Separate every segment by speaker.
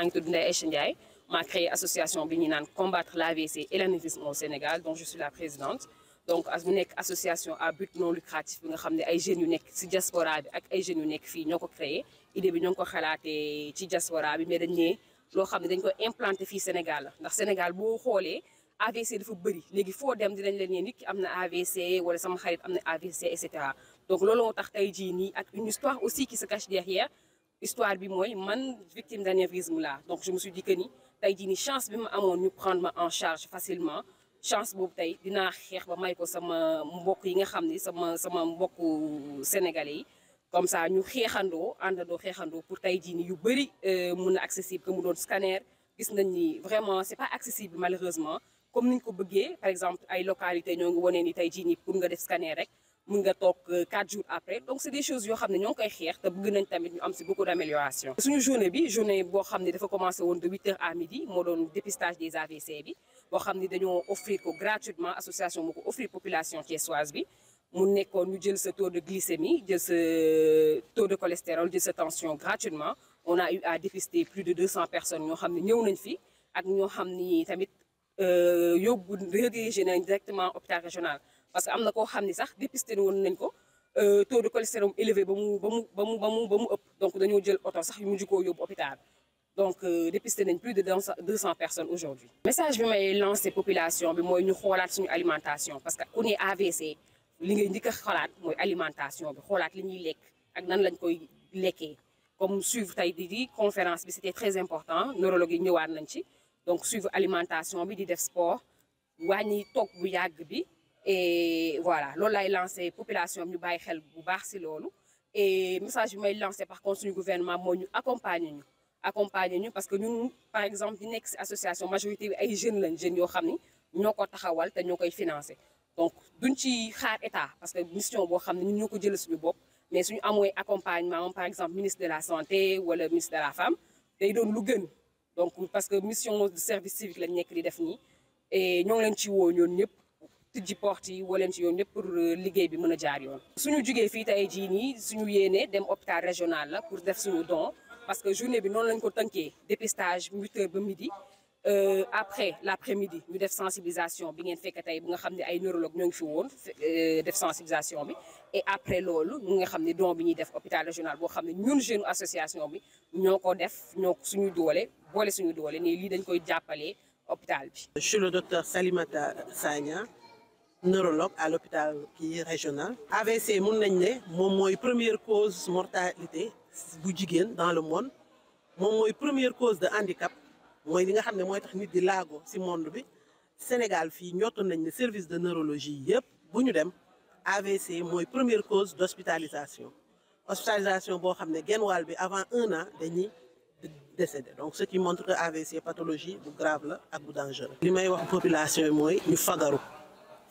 Speaker 1: maa ngi tudd Ndeye Aïcha Ndiaye maa créé association bi la présidente donc as mu nekk association à but non nga xam ne nekk ci diaspora bi nekk fii ñoo ko créé ko xalaatee ci bi mais dañ ne loo xam ne dañ ko implanté fii Sénégal la ndax Sénégal boo xoolee AVC dafa bëri léegi foo dem dinañ leen ne nit ki am na AVC wala sama xarit am na AVC et cetera donc loolu moo tax tey jii ak une histoire aussi qui se cache derrière histoire bi mooy man victime d'anévrisme laa donc je me suis dit ni tey jii chance bi ma amoon ñu prendre ma en charge facilement chance boobu tey dina xeex ba may ko sama mbokk yi nga xam ni sama sama mbokku sénégalais yi comme ça ñu xeexandoo àndandoo xeexandoo pour tey jii ni yu bëri euh, mun na accessible que mu doon scanner gis nañ ni vraiment c'est pas accessible malheureusement comme ni ñu ko bëggee par exemple ay localités ñoo ngi wane ni tey jii ni pour nga def scanner rek mun nga toog euh, quatre jours après donc c'est des choses yoo xam ne ñoo ngi koy xeex te bëgg nañ tamit ñu am si beaucoup d'amélioration suñu journée bi journée boo xam ne dafa commencé woon de huit heures à midi moo doon dépistage des AVC bi boo xam ne dañoo offrir ko gratuitement association moo ko offrir population thiessoise bi mu nekkoon ñu jël sa taux de glycémie jël sa euh, taux de cholestérol jël sa tension gratuitement on a eu à dépister plus de 200 personnes ñoo xam ne ñëw nañ fi ak ñoo xam ni tamit euh, yóbbu redirigé nañ directement hôpital régional parce que am na koo xam ni sax dépisté woon nañ ko euh, taux de cholestérol élevé ba mu ba mu ba mu ba mu ba mu ëpp donc dañoo jël oto sax mu mujj koo yóbbu hôpital donc euh, dépisté nañ plus de deux cent personnes aujourd'hui message bi may lancé population bi mooy ñu xoolaat suñu alimentation parce que ku ne AVC li ngay njëkk a xalaat mooy alimentation bi xoolaat li ñuy lekk ak nan lañ koy lekkee comme suivre tey di di conférence bi c'était très important neurologue yi ñëwaat nañ ci donc suivre alimentation bi di def sport wàññi toog bu yàgg bi et voilà loolu ay lancé population bi ñu bàyyi xel bu baax si loolu et message bi may lancé par contre suñu gouvernement moo ñu accompagner ñu accompagner ñu parce que ñun par exemple di nekk si association majorité bi ay jeunes lañ jeunes yoo xam ni ñoo ko taxawal te ñoo koy financé donc ñu ci xaar état parce que mission boo xam ne ñu ñoo ko jëlee suñu bopp mais suñu amooy accompagnement par exemple ministre de la santé wala ministre de la femme day doon lu gën donc parce que mission de service civique lañ nekk di def nii et ñoo ngi leen woo ñoon ñëpp tijji porte yi woo leen ci yoon yëpp pour euh, liggéey bi mën a jaar yoon. suñu jugee fii tey jii nii suñu yéenee dem hôpital régional la pour def suñu don parce que journée bi noonu lañ ko tënkee dépistage huit heures ba midi. Euh, après l'après-midi ñu def sensibilisation bi ngeen fekk tey bu nga xam ne ay neurologue ñoo ngi fi woon euh, def sensibilisation bi et après loolu ñu nga xam ne don bi ñuy def hôpital régional boo xam ne ñun jeune association bi ñoo ko def ñoo suñu doole boole suñu doole nii lii dañ koy jàppalee hôpital
Speaker 2: bi. Je suis le docteur neurologue à l'hôpital kii régional AVC mun nañ ne moom mooy première cause mortalité bu jigéen dans le monde moom mooy première cause de handicap mooy li nga xam ne mooy tax nit di laago si monde bi Sénégal fii ñottu nañ ne service de neurologie yëpp bu ñu dem AVC mooy première cause d'hospitalisation hospitalisation boo xam ne genn wàll bi avant un an dañuy décédé donc ce qui montre que AVC pathologie bu grave la ak bu dangereux. li may wax population yi mooy ñu fagaru.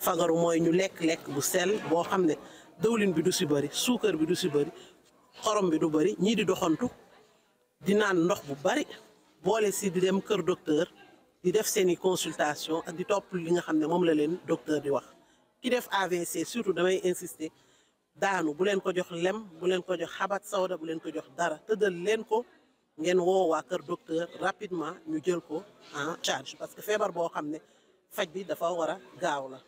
Speaker 2: fagaru mooy ñu lekk lekk bu sell boo xam ne dëwlin bi du si bëri suukar bi du si bëri xorom bi du bëri ñii di doxantu di naan ndox bu bëri boole si di dem kër docteur di def seen i consultation ak di topp li nga xam ne moom la leen docteur di wax. ki def AVC surtout damay insister daanu bu leen ko jox lem bu leen ko jox xabat sawda bu leen ko jox dara tëddal leen ko ngeen woo kër docteur rapidement ñu jël ko ah charge parce que feebar boo xam ne. faj bi dafa war a gaaw la